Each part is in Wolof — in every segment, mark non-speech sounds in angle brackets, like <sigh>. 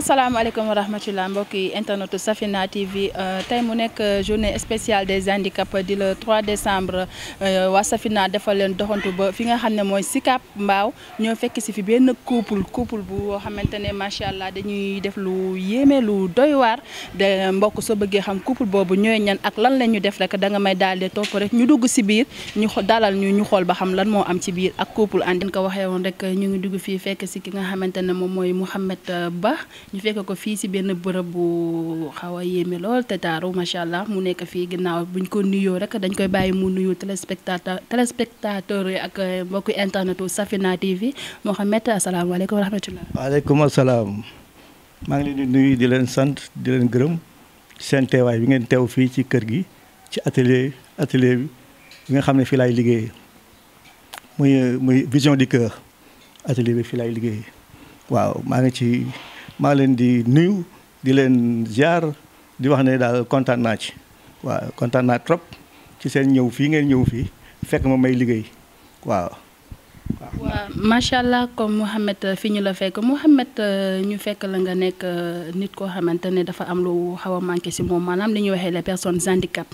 Salam wa rahmatulah mbok internetu Safina TV euh, tay mu nek euh, journée spéciale des handicaps di le 3 décembre euh, wa Safina defal len doxantou ba fi nga xam moy mooy Sicap fekk ci fi ben couple couple bu xamantene machallah dañuy def lu yéeme lu doy war de mbokk soo xam couple bobu ñoy ñan ak lan la ñu def rek da nga may daal di rek ñu dugg ci biir ñu dalal ñu ñu xol ba xam lan mo am ci biir ak couple andi ko waxee won rek ñu ngi dugg fi fekk ci ki nga xamantene mom moy Ba. ñu fekk ko fii si benn bërëb bu xaw a yéeme lool te taaru macha allah mu nekk fii ginnaaw buñ ko nuyoo rek dañ koy bàyyi mu nuyu téléspectateur téléspectateur yi ak mbokk eh, mbokku internetu Safina TV Mohamed asalaamaaleykum wa rahmatulah. waaleykum asalaam maa ngi leen di nuyu di leen sant di leen gërëm seen teewaay bi ngeen teew fii ci kër gi ci atelier atelier bi bi nga xam ne fii lay liggéeyee muy eh, muy vision du cœur atelier bi fii laay liggéeyee waaw maa ngi ci. maa leen di nuyu di leen ziar di wax ne daal kontaan naa ci waaw kontaan naa trop ci seen ñëw fii ngeen ñëw fii fekk ma may liggéey waaw. waaw macha allah comme Mouhamed fi ñu la fekk Mouhamed ñu fekk la nga nekk nit koo xamante ne dafa am lu xaw a manqué si moom maanaam li ñuy waxee les personnes handicap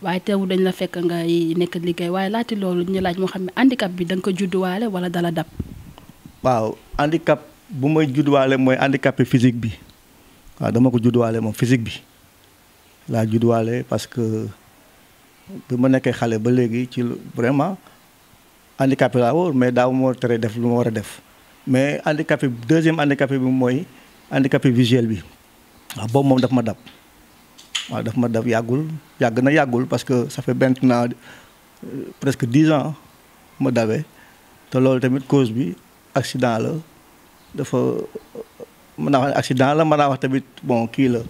waaye teewu dañ la fekk ngay nekk liggéey waaye laati loolu ñu laaj moo xam ne handicap bi da ko judduwaale wala dala dab. waaw handicap bu may judduwaale mooy handicapé physique bi waaw dama ko judduwaale moom physique bi laa judduwaale parce que bi ma nekkee xale ba léegi ci vraiment handicapé laa woon mais daaw moo tere def lu ma war a def mais handicapé deuxième handicapé bi mooy handicapé visuel bi waaw boobu moom daf ma dab waaw daf ma dab yàggul yàgg na yàggul parce que ça fait maintenant euh, presque dix ans ma dabee te loolu tamit cause bi accident la dafa mën naa wax ne accident la mën naa wax tamit bon kii la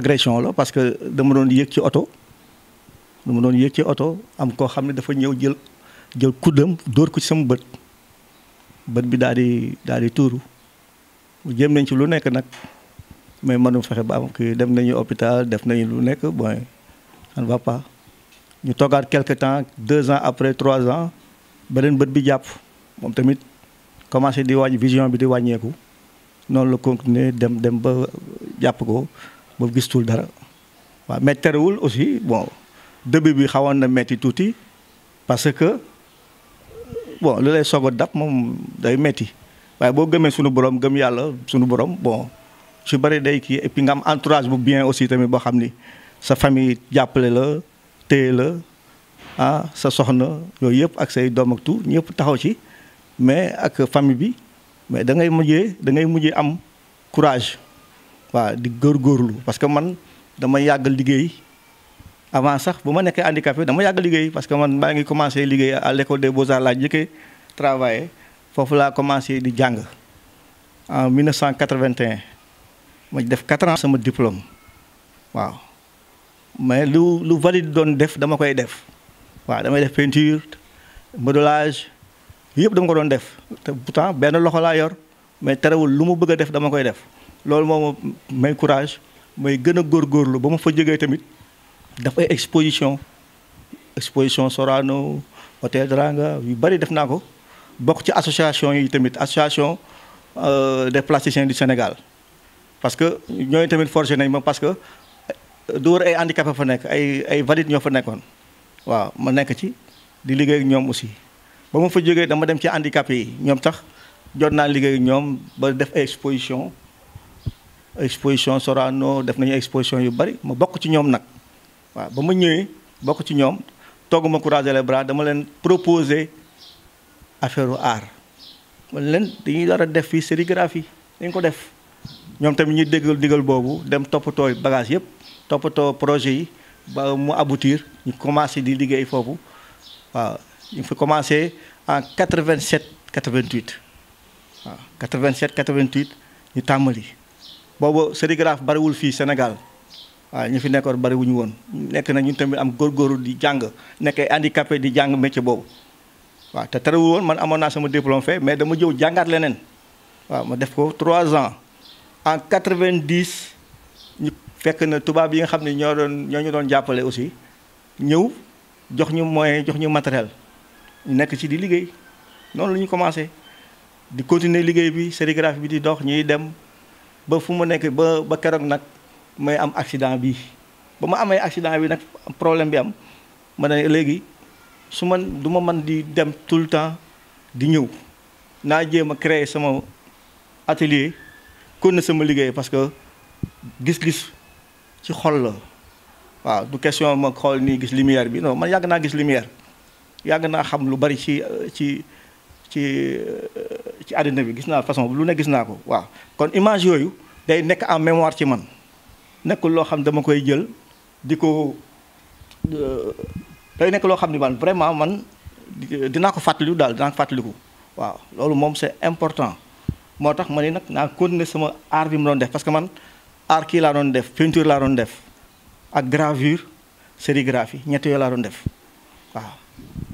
agression la parce que dama doon yéeg ci oto dama doon yéeg ci oto am koo xam ne dafa ñëw jël jël kuddam dóor ko ci sama bët bët bi daal di daal di tuuru jéem nañ ci lu nekk nag mais mënu fexe ba am kii dem nañu hôpital def nañu lu nekk bon ça ne ñu toogaat quelque temps deux ans après trois ans beneen bët bi jàpp moom tamit commencé di wàññi vision bi di wàññeeku noonu la continuer dem dem ba jàpp ko ba gistul dara waaw mais aussi bon début bi xawoon na metti tuuti parce que boo lu lay soog a dab moom day metti waaye boo gëmee sunu borom gëm yàlla sunu borom bon su bari day kii et nga am entourage bu bien aussi tamit boo xam ni sa famille jàppale la téye la ah sa soxna yooyu yëpp ak say doom ak tout ñëpp taxaw ci. mais ak famille bi mais dangay ngay mujjee da ngay mujjee am courage waaw di góor góorgóorlu parce que man dama yàgg liggéey avant sax bu ma nekkee handicapé dama yàgg liggéey parce que man maa ngi commencé liggéey à l'école des beaux-arts laa njëkkee travaillé foofu laa commencé di jàng en cent 1981 ma def 4 ans sama diplôme waaw mais lu lu valide doon def dama koy def waaw damay def peinture modelage yëpp dama ko doon def te pourtant benn loxo laa yor mais terewul lu mu bëgg a def dama koy def loolu moo ma may courage may gën a góorlu ba ma fa jógee tamit daf ay exposition exposition Sorano hôtel Dranga yu bëri def naa ko bokk ci association yi tamit association euh, des plasticiens du Sénégal parce que ñooñu tamit forgé nañ ma parce que euh, du war ay handicapé fa nekk ay ay valide ñoo fa nekkoon waaw ma nekk ci di liggéey ak ñoom aussi ba ma fa jógee dama dem ci handicapé yi ñoom sax jot naa liggéey ñoom ba def ay exposition exposition Sorano def nañu exposition yu bari ma bokk ci ñoom nag waaw ba ma ñëwee bokk ci ñoom togguma courage les bras dama leen proposer affaire u art man leen dañuy war a def fii sérigraphie dañ ko def ñoom tamit ñu déggal digal boobu dem toppatoo bagage yëpp toppatoo projet yi ba mu aboutir ñu commencé di liggéey foofu waaw il faut commencer en 87 88 87 88 ñu tàmbali boobu sérigraphe bariwul fii Sénégal waaw ñu fi nous bariwuñu des nekk na ñun tamit am di de ay handicapé di nous métier diplôme mais je jëw jàngaat leneen waaw ma def ko trois ans en 90 a fekk na tubaab yi nga ñoo aussi ñëw jox ñu matériel nekk ci di liggéey noonu la ñu commencé di continuer liggéey bi sérigraphie bi di dox ñuy dem ba fu ma nekk ba ba keroog nag may am accident bi ba ma amee accident bi nag problème bi am ma ne léegi su ma duma ma mën di dem tout le temps di ñëw naa jéem a créer sama atelier kon na sama liggéey parce que gis-gis ci xool la waaw du question ma xool nii gis lumière bi non man yàgg naa gis lumière yàgg naa xam lu bari ci ci ci ci àddina bi gis naa façon lu ne gis naa ko waaw kon image yooyu day nekk en mémoire ci man nekkul loo xam dama koy jël di ko euh, day nekk loo xam ni man vraiment man dinaa ko fàttaliku daal dinaa ko fàttaliku waaw loolu moom c'est important moo tax ma ne nag naa continuer sama art bi mu doon def parce que man aar kii laa doon def peinture laa doon def ak gravure sérigraphie ñett yooyu laa doon def waaw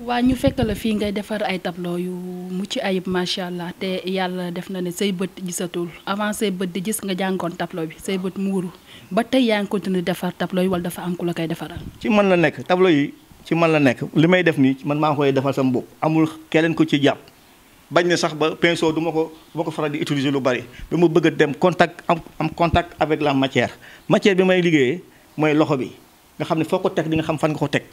waa ñu fekk la fii ngay defar ay tablo yu mucc ayib macha allah te yàlla def na ne say bët gisatul avant say bët di gis nga jàngoon tablo bi say bët muuru ba tey yaa ngi continuer defar tableau yi wala dafa am ku la koy defaral. ci man la nekk tableau yi ci man la nekk li may def nii man maa ngi koy defar sama bopp amul keneen ko ci jàpp bañ ne sax ba pinceau duma ko du ko faral di utiliser lu bari dama bëgg a dem contact am am contact avec la matière matière bi may liggéeyee mooy loxo bi nga xam ne ko teg di nga xam fan nga ko teg.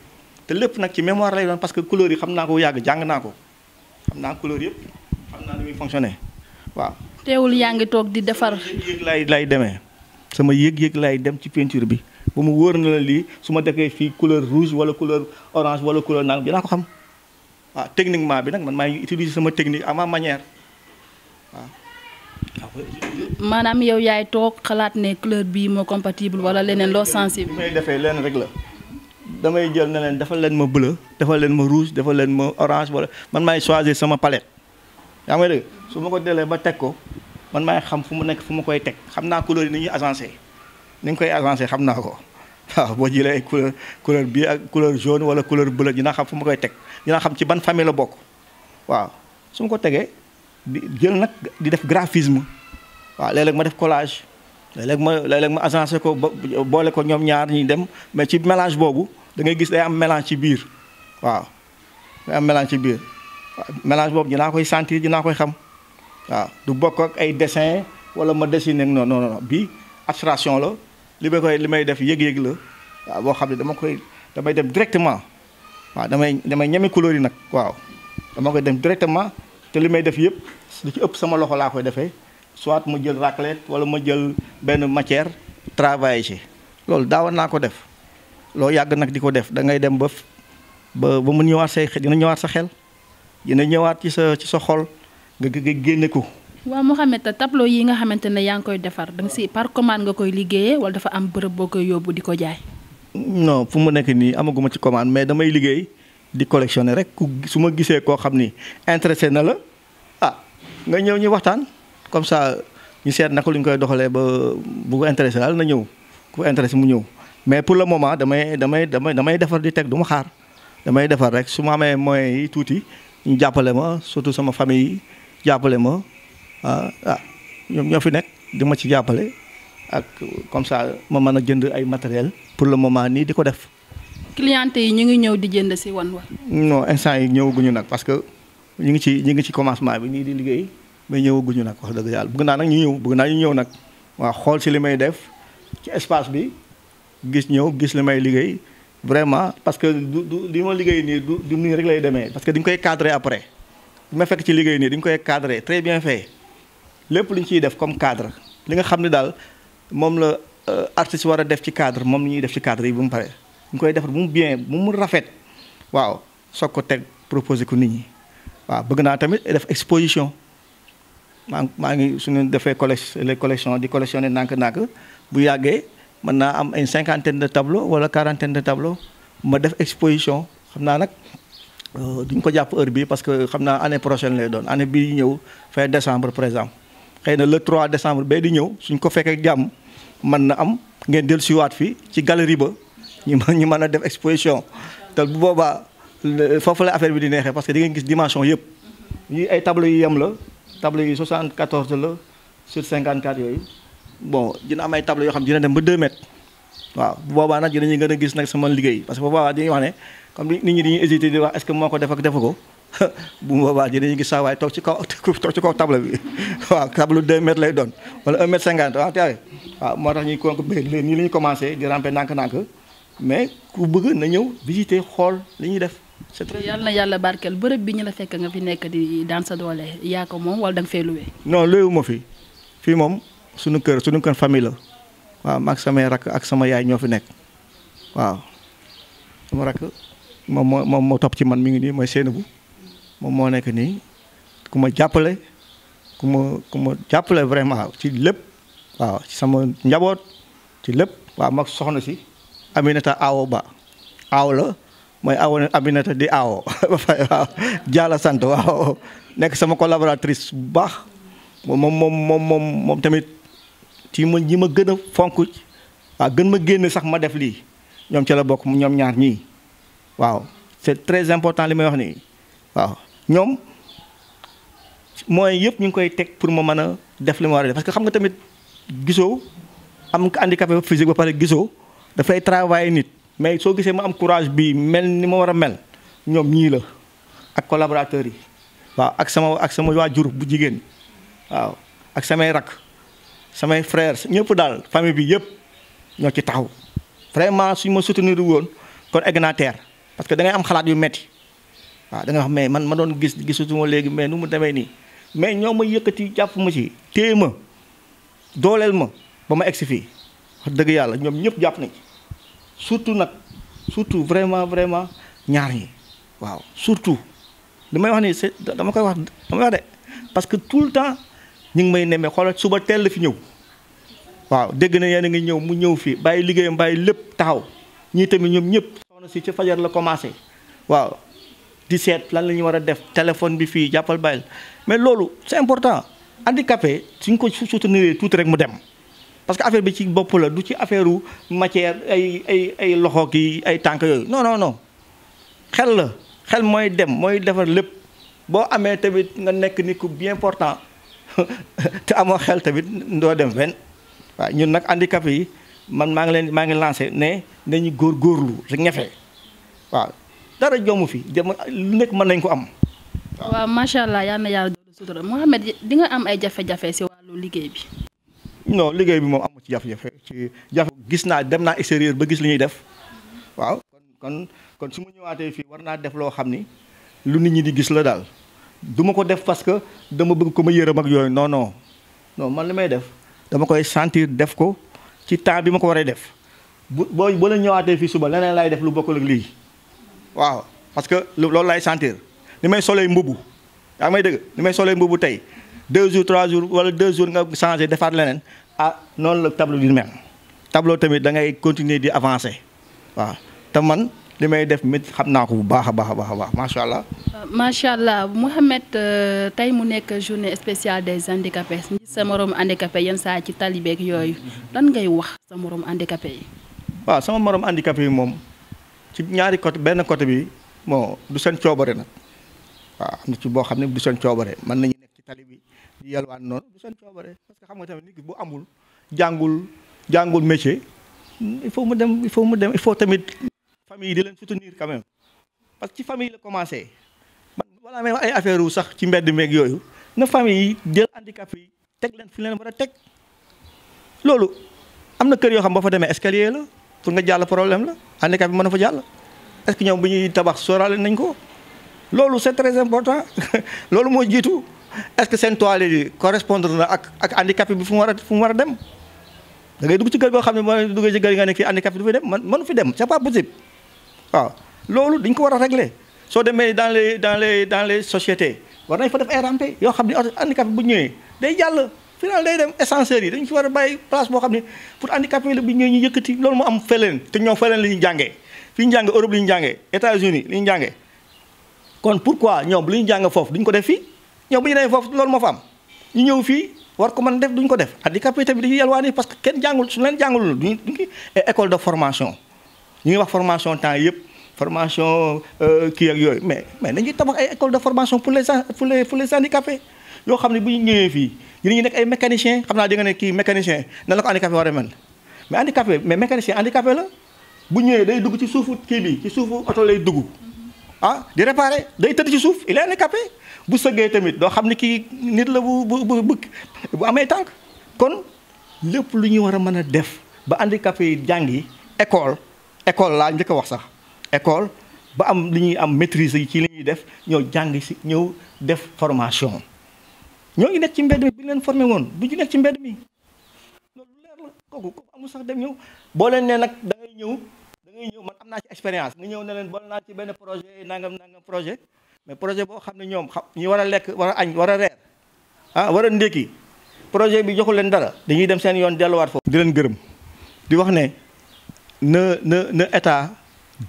te lépp nag ci mémoire lay doon parce que couleur yi xam naa ko yàgg jàng naa ko xam naa couleur yëpp xam waaw. teewul yaa ngi toog di defar. yéeg lay demee sama yéeg-yéeg lay dem ci peinture bi ba mu wóor na la lii su ma defee fii couleur rouge wala couleur orange wala couleur naan dinaa ko xam waaw techniquement bi nag man maa ngi utiliser sama technique à ma manière maanaam yow yaay toog xalaat ne couleur bii moo compatible wala leneen loo sensible. li may defee lenn rek la. damay jël ne leen defal leen ma bleu defal leen ma rouge defal leen ma orange wala man maay choisir sama palet yaa ngi may dégg su ma ko delee ba teg ko man maay xam fu mu nekk fu ma koy teg xam naa couleur yi ni ñuy agencé ni nga koy agencé xam naa ko <laughs> waaw boo jëlee ay couleur couleur bii ak couleur jaune wala couleur bleu dinaa xam fu ma koy teg dinaa xam ci ban famille la bokk waaw su ma ko tegee di jël nag di def graphisme waaw léeg-léeg ma def collage léeg-léeg ma léeg-léeg ma agencé ko boole ko ñoom ñaar ñuy dem mais ci mélange boobu da ngay gis day am mélange ci biir waaw day am mélange ci biir mélange boobu dinaa koy sentir dinaa koy xam waaw du bokk ak ay dessin wala ma dessiner non non non bii abstraction la li ma koy li may def yëg-yëg la waaw boo xam ne dama koy damay dem directement waaw damay damay ñeme couleur yi nag waaw dama koy dem directement te li may def yëpp li ci ëpp sama loxo laa koy defee soit ma jël raclette wala ma jël benn matière travailler ci loolu naa ko def loo yàgg nag di ko def da ngay dem ba ba ba mu ñëwaat say dina ñëwaat sa xel dina ñëwaat ci sa ci sa xol nga nga génne ko. waaw Mouhamed tableau yi nga xamante ne yaa ngi koy defar da nga si par commande nga koy liggéeyee wala dafa am bërëb boo koy yóbbu di ko jaay. non fu mu nekk nii amaguma ci commande mais damay liggéey di collectionner rek ku su ma gisee koo xam ni intéressé na la ah nga ñëw ñu waxtaan comme ça ñu seet naka luñ koy doxalee ba bu ko intéressé daal na ñëw ku intéressé mu ñëw mais pour le moment damay damay damay damay defar di teg du ma xaar damay defar rek su ma amee moyens yi tuuti ñu jàppale ma surtout sama famille yi jàppale ma ah ah ñoom ñoo fi nekk di ma ci jàppale ak comme ça ma mën a jënd ay matériel pour le moment nii di ko def cliente yi ñu ngi ñëw di jënd si wan wa non instant yi ñëwaguñu nag parce que ñu ngi ci ñu ngi ci commencement bi di liggéey mais ñëwaguñu nag wax dëgg yàlla bëgg naa nag ñu ñëw bëgg naa ñu ñëw nag waaw xool si li may def ci espace bi gis ñëw gis li may liggéey vraiment parce que du du li ma liggéey nii du du nii rek lay demee parce que di nga koy cadré après bi ma fekk ci liggéey nii di nga koy cadré très bien fait lépp lu ñu ciy def comme cadre li nga xam ne daal moom la euh, artiste war a def ci cadre moom li ñuy def ci cadre yi bu mu pare ñu koy defar bu mu bien bu mu rafet waaw soog ko teg proposé ko nit ñi waaw bëgg naa tamit def exposition maa maa ngi su suñu defee collection les collections di collectionner nank nank bu yàggee mën naa am ay cinquantaine de tableaux wala quarantaine de tableaux ma def exposition xam naa nag euh, duñ ko jàpp heure bii parce que xam naa année prochaine lay doon année bii ñëw fin décembre par exemple xëy na le 3 décembre bee di ñëw suñ ko fekkee jàmm man na am ngeen dellu siwaat fii ci galerie ba ñu mën ñu mën a def exposition te bu boobaa foofu la affaire bi di neexee parce que di ngeen gis dimension yëpp ñi ay tableaux yu yem la tableau yi 74 la sur 54 yooyu bon dina am ay tableau yoo xam dina dem ba 2 mètres waaw bu boobaa nag dinañu gën a gis nag sama liggéey parce que bu boobaa dañuy wax ne comme ko def ak defu ko <laughs> bu boobaa dinañu gis saa waay toog ci kaw <laughs> toog ci kaw tableau bi <laughs> waaw tableau 2 mètres lay doon wala 1 mètre 50 waaw tey waaw moo tax ñuy konk bëgg nii la ñu di ramper ndànk-ndànk mais ku bëgg na ñëw visiter xool li ñuy def. yàlla na yàlla barkeel bërëb bi ñu la fekk nga fi nekk di daan sa doole yaa ko moom wala da nga fee luwe. non luwewu ma fi fii moom suñu kër suñu kër famille la waaw ak samay rakk ak sama yaay ñoo fi nekk waaw sama rakk moom moo moom moo topp ci man mi ngi nii mooy Seynabou moom moo nekk nii ku ma jàppale ku ma ku ma jàppale vraiment ci lépp waaw sama njaboot ci lépp waaw mag soxna si Aminata Awo Ba Awo la. mooy awoon Aminata di awo <laughs> ba fay waaw sant waaw nekk sama collaboratrice bu baax moom moom moom moom moom tamit ci ma ñi ma gën a fonk waaw gën ma génn sax ma def lii ñoom ci la bokk ñoom ñaar ñii waaw c'est très important li may wax nii waaw ñoom mooy yëpp ñu ngi koy teg pour ma mën a def li ma war a def parce que xam nga tamit gisoo am handicapé physique ba pare gisoo dafay travailler nit mais soo gisee ma am courage bi mel ni ma war a mel ñoom ñii la ak collaborateurs yi waaw ak sama ak sama waajur bu jigéen waaw ak samay rak samay frères ñëpp daal famille bi yëpp ñoo ci taxaw vraiment suñ ma soutenir woon kon egg naa teer parce que da am xalaat yu metti waaw da nga wax mais man ma doon gis gisutuma léegi mais nu mu demee nii mais ñoo ma yëkkati jàpp ma ci téye ma dooleel ma ba ma egg si fii dëgg yàlla ñoom ñëpp jàpp nañ surtout nag surtout vraiment vraiment ñaar ñi waaw surtout damay wax ni c'est dama koy wax damay wax de parce que tout le temps ñu ngi may nemmee xoolal suba teel la fi ñëw waaw dégg na yéen a ngi ñëw mu ñëw fii bàyyi liggéeyam bàyyi lépp taxaw ñii tamit ñoom ñëpp soxna si ci fajar la commencé waaw di seet lan la ñu war a def téléphone bi fii jàppal bàyyil mais loolu c'est important handicapé suñ ko soutenir tuuti rek mu dem parce que affaire bi ci bopp la du ci affaire matière ay ay ay loxo ki ay tànk yooyu non xel la xel mooy dem mooy defar lépp boo amee tamit nga nekk nit ku bien portant <laughs> te amoo xel tamit ndoo dem fenn waaw ñun nag handicapé yi man maa ngi leen maa ngi lancé ne nañu góor góorlu rek ñefe waaw dara joomu fi dem lu nekk mën nañ ko am waaw macha allah yaa na yàlla doolu sutura Mouhamed di nga am ay jafe-jafe si wàllu liggéey bi non liggéey bi moom amu ci jafe-jafe ci jafe gis naa dem naa extérieur ba gis lu ñuy def waaw kon kon kon su ma ñëwaatee fii war naa def loo xam ni lu nit ñi di gis la daal du ma ko def parce que dama bëgg ko ma yërëm ak yooyu non non man li may def dama koy sentir def ko ci temps bi ma ko waree def bu boo boo la ñëwaatee fii suba leneen laay def lu bokkul ak lii waaw parce que loolu laay sentir li may solee mbubu yaa may dëgg li may solee mbubu tey deux jours trois jours wala deux jours nga changer defaat leneen ah noonu la tableau di mel tableau tamit da ngay continuer di avancer waaw te man li def mit xam ko bu baax a baax a baax a baax macha allah. Euh, macha allah Mouhamed euh, tey mu nekk journée spéciale des handicapés sa morom handicapé yenn saa ci talibeeg yooyu lan ngay wax sa morom handicapé yi. waaw sama morom handicapé yi ci ñaari côté benn côté bi bon du seen coobare nag waaw am na ci boo xam ne du seen coobare mën nañu nekk ci tali di yalwaan noonu du seen coobare parce que xam nga tamit nit ki bu amul jàngul jàngul métier il faut mu dem il faut mu dem il faut tamit famille di leen soutenir quand même parce que ci famille la commencé man wala même ay affaire wu sax ci mbedd meeg yooyu na famille yi jël handicap yi teg leen fi leen war a teg loolu am na kër yoo xam boo fa demee escalier la pour nga jàll problème la handicap bi mën na fa jàll est-ce que ñoom bu ñuy tabax sóoraale nañ ko loolu c'est très important <laughs> loolu moo jiitu est-ce que seen toilettes yi correspondre na ak ak handicapé bi fu mu war a fu mu war a dem da ngay dugg ci kër goo xam ne boo duggee ne kii handicapé du fi dem man mënu fi dem c'est pas possible waaw loolu dañ ko war a regle soo demee dans les dans les dans les sociétés war nañ fa def ay rampes yoo xam ne handicapé bu ñëwee day jàll final day dem ascenseur yi dañ fi war a bàyyi place boo xam ne pour handicapé la bu ñëwee ñu yëkkati loolu moo am feleen te ñoom feleen la ñuy jàngee fi ñu jàngee Europe li jànge jàngee États-Unis kon pourquoi ñoom li ñu jàng foofu duñ ko def fii ñoom bu ñu nee foofu loolu moo fa am ñu ñëw fii war ko mën def duñ ko def handicapé tamit dañuy yalwaani parce que kenn jàngul su leen jàngul duñu duñu école de formation ñu ngi wax formation temps yëpp formation euh, kii ak yooyu mais mais nañuy tabax ay école de formation pour les pour les pour les handicapés yoo xam ne bu ñu ñëwee fii ñu ngi nekk ay mécanicien xam naa nga ne kii mécanicien nan la ko handicapé war mel mais handicapé mais mécanicien handicapé la bu ñëwee day dugg ci suufu kii bi ci suufu oto lay dugg ah di réparé day tëdd ci suuf il est handicapé bu sëggee tamit doo xam ne buk nit la bu bu bu bu amee kon lépp lu ñu war def ba handicapé yi jàngi école école laa njëkk a wax sax école ba am li am maîtrise ci li def ñoo jàng si ñëw def formation ñoo ngi nekk ci mbedd mi bi leen formé woon du ñu nekk ci mbedd mi loolu leer la kooku kooku amul sax dem ñëw boo leen ne nag da ngay ñëw da ngay ñëw man am ci expérience nga ñëw ne leen boole naa ci benn projet nangam nangam projet mais projet boo xam ne ñoom xam ñi war a lekk war a añ war a reer ah war a ndékki projet bi joxu leen dara dañuy dem seen yoon delluwaat foofu. di leen gërëm di wax ne na na na état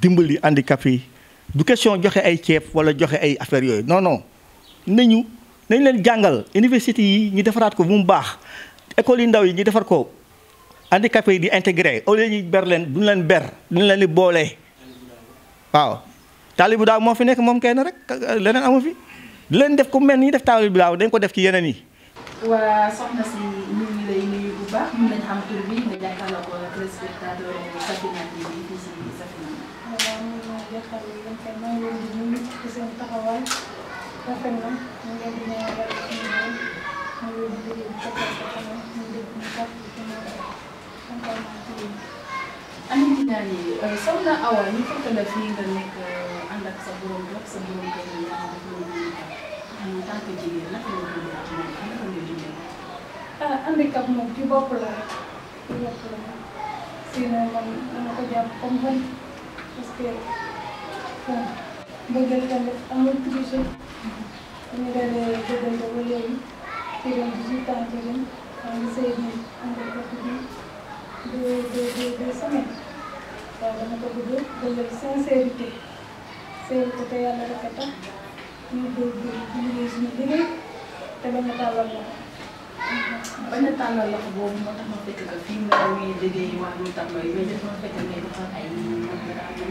dimbali handicap yi du question joxe ay ceeb wala joxe ay affaires yooyu non non nañu nañ leen jàngal université yi ñu defaraat ko bu mu baax école yi ndaw yi ñu defar ko. handicapé yi di intégré au lieu ñu ber leen duñu leen ber duñu leen di boolee waaw taalibu daaw moo fi nekk moom kenn rek leneen amu fi di leen def ku mel ni def taalibu daaw dañ ko def ci yeneen yi. waa soxna si ñu ngi lay nuyu bu baax mën nañ xam tur bi nga jàkkaarloo ko ak respectateur Safina TV bi fii si Safina. waaw man maa jàkkaarloo yéen kay maa ngi leen di nuyu ci seen taxawaay rafet na ñu ngi leen di ñaanal suñu bopp ñu ngi leen euh, di nuyu bu fekkee sa xamal ñu ngi leen di fàq ci ñoom kontaan naa ci yéen. Amady Diané soxna Awa ñu fekk la fii nga nekk. Euh, ak sa borom jox sa borom kër yi nga xam ne loolu moom tant que jigéen naka la ko ak moom naka la ko dundee. ah handicap moom ci bopp la rek ci bopp la moom sinon man dama ko jàpp comme ban parce que bon bëggal tamit amul triche ñu dalee bëggante ba léegi ci ren 18 ans ci ren maa ngi sëy bi am nga kott bi deux deux deux semaines waaw dama ko bëgg bëggal sincérité. feeñ ko te yàlla rek a tax ñu góorgóorlu di liggéey suñu liggéey te bañ a tàllal loxo. bañ a tàllal loxo boobu moo tax ma fekk que fii nga wuy liggéey wàllu tàmbali yooyu mais dafa fekk ngay defar ay mën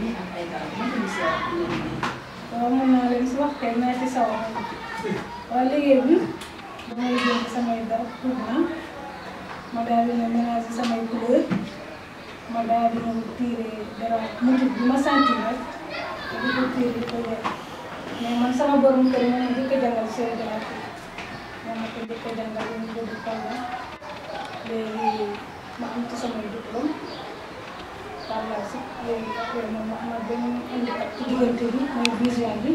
yi ak ay garab mën nañu si waat mën nañu liggéey. waaw mën naa leen si wax kay naa ci sawar waaw liggéey bi damay jënd samay garab pour ma daal di ñëw mélanger samay couleur ma daal di ñëw tiire garab motif bi ma sentir rek. di ko tiir di ko weer man sama borom kër ma di ko jàngal séeréer laa ma ko di ko jàngal ba mu bëgg kaw la léegi ma am ci sama diplôme par la suite léegi après moom ma amal benn handicap ci diggante bi mooy vision bi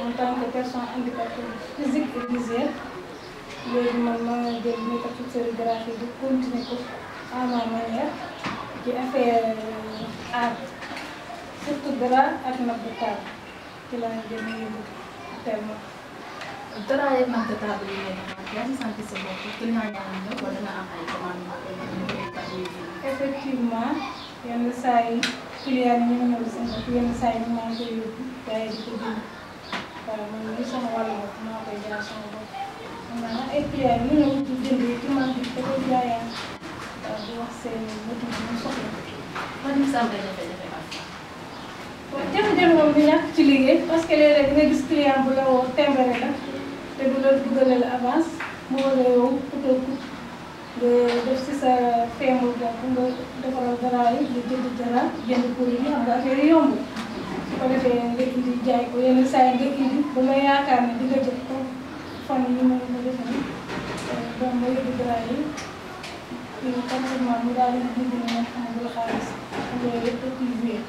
en tant que personne handicapée physique et visuelle man ma jël méthode sérigraphie bi continuer ko à ma manière ci affaire. الذراع المبتة إلى جميع التامة الذراع المبتة باليمين Yan, isang kisabok. Kinayangan nyo, wala na ang ikaman mo. Effectivement, yan na sa'yo. Kiliyan nyo nyo sa mga yan na sa'yo ng mga kayo. Kaya dito din. Para mo nyo sa mga wala mo, mga kayo sa mga. Ang mga, eh, kiliyan nyo nyo din dito, mga dito ko dyan. Tapos, sa inyo, mo din sa mga. sa waaw jafe-jafe moom du ñàkk ci liggéey parce que léeg-léeg nga gis client bu la woo la te du la duggale la avance mu war a yow kutoo kut nga def si sa feemu bopp nga defaral dara yi nga jënd dara jënd pour yi xam nga affaire yi yomb su ko defee nga indi jaay ko yenn saa yi nga indi ba nga yaakaar ne di nga jël fan yi moom nga def nii donc nga yóbbu dara yi kii comme mu daal di dugg na xam nga xaalis loolu yëpp dañ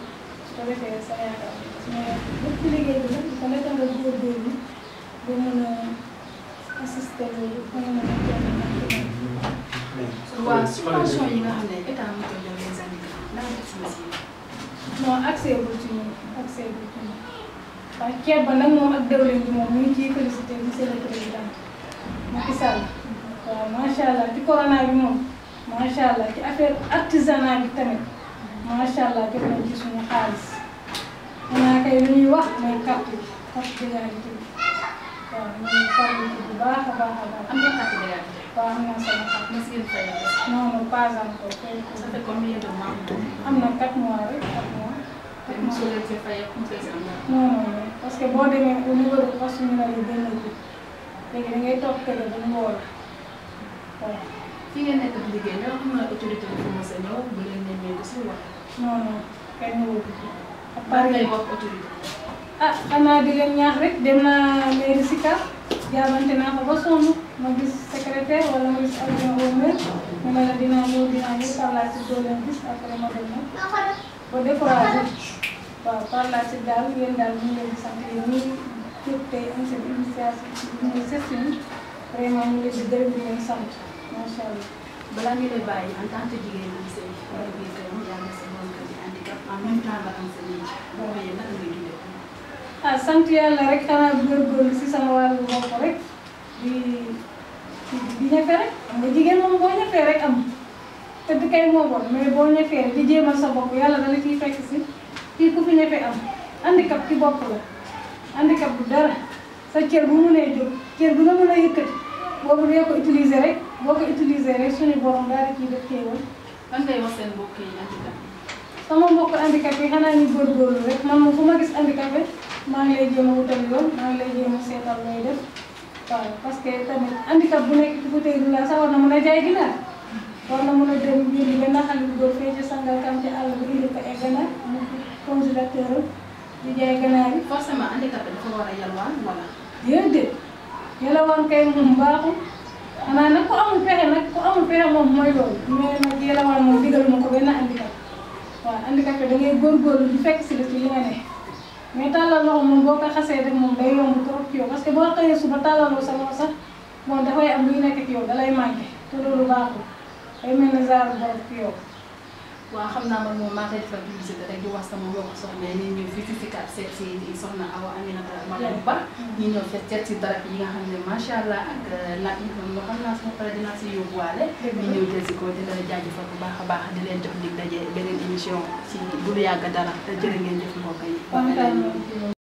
tamit sa yaakaar su ma lépp ci liggéey bi nag dafa nekk nga góorgóorlu ba mën a assister loolu ba mën a nekk waaw subvention yi nga xam ne état mu koy jox les handicapés ndax agsi na si non accès bu ci ñun accès bu ci ñun waaye ceeb ba nag moom ak déwlin bi moom ñu ngi ciy félicité monsieur le président Macky macha allah jot nañ ci suñu xaalis xanaa kay lu ñuy wax mooy carte bi carte d'identité bi waaw ñun farlu ci bu baax a baax a baax. am na carte d'identité. waaw am naa sama carte. monsieur Ndiaye Faye. non non pas encore. ça fait combien de mois. am na 4 mois rek 4 mois. te monsieur Ndiaye Faye ak monsieur Samba. non non non parce que boo demee au niveau de poste ñu ne la benn bi léegi da ngay toog kër bu mu woo la waaw. fi nga nekk liggéey ndax am na autorité bu commencé ñëw bu leen ñemee di si wax. noonu no wu pare lay wax autorité ah xanaa di leen ñaax rek dem naa mairie Sika jaabante naa ko ba sonn ma gis secrétaire wala ma gis adjoint au maire mu ne la dinaa ñëw dinaa ñëw par la suite doo leen gis après ma dem na ba découragé waaw par la suite daal yéen daal ñu ngi leen di sant yéen ñi képp tey am seen ñu ngi vraiment ñu leen di gërëm di leen sant macha allah balaa ñu lay bàyyi en tant que jigéen ñi sëy wala biir kër jàng en même temps ba am di si di di ñefe rek xam am tëdd kay moomoon mais boo di jéemal sa bopp yàlla dala ciy fekk si Di ku fi am handicap ci bopp la handicap bu dara sa cër bu mënee jóg cër bu nga mën a yëkkati boobu ko utiliser rek boo ko utiliser rek suñu borom daal di def kéewal lan ngay wax seen mbokk sama mbokk handicapé yi xanaa ñu góorgóorlu rek man moom fu ma gis handicapé maa ngi lay jéem a wutal yoon maa ngi lay jéem a seetal def waaw parce que tamit handicap bu nekk ci fauteuil roulant sax war na mën a jaay ginaar war na mën a dem jëli benn xale bu góor fee ci sangal kam ci àll bi indi ko ay ganaar mu congélateur di jaay ganaar yi forcément handicapé dafa war a yalwaan wala déedéet yalwaan kay moom baaxul xanaa nag ku amul pexe nag ku amul pexe moom mooy loolu mais nag moom digal ma ko benn handicap waaw handicapé da ngay góorgóorlu di fekk si la ci li nga ne mais tàllal loxo moom boo ko xasee rek moom day yomb trop yow parce que boo xëyee suba tàllaloo sa loxo sax moom dafay am luy nekk ak yow dalay manqué te loolu baaxul day mel ne genre boobu yow. waaw xam naa man moom maa fa defal publicité rek di wax sama mbokku soxna yi ñuy ñëw fii ci Sicap seet si soxna Awa Aminata Madiou Ba si darab yi nga xam ne macha allah ak laaj yi kon loo xam naa si yóbbuwaale ñu ñëw jël si ko di la jaajëfal bu baax a baax di leen jox dig daje beneen émission si bu lu yàgg dara te jërë ngeen jëf mbokk yi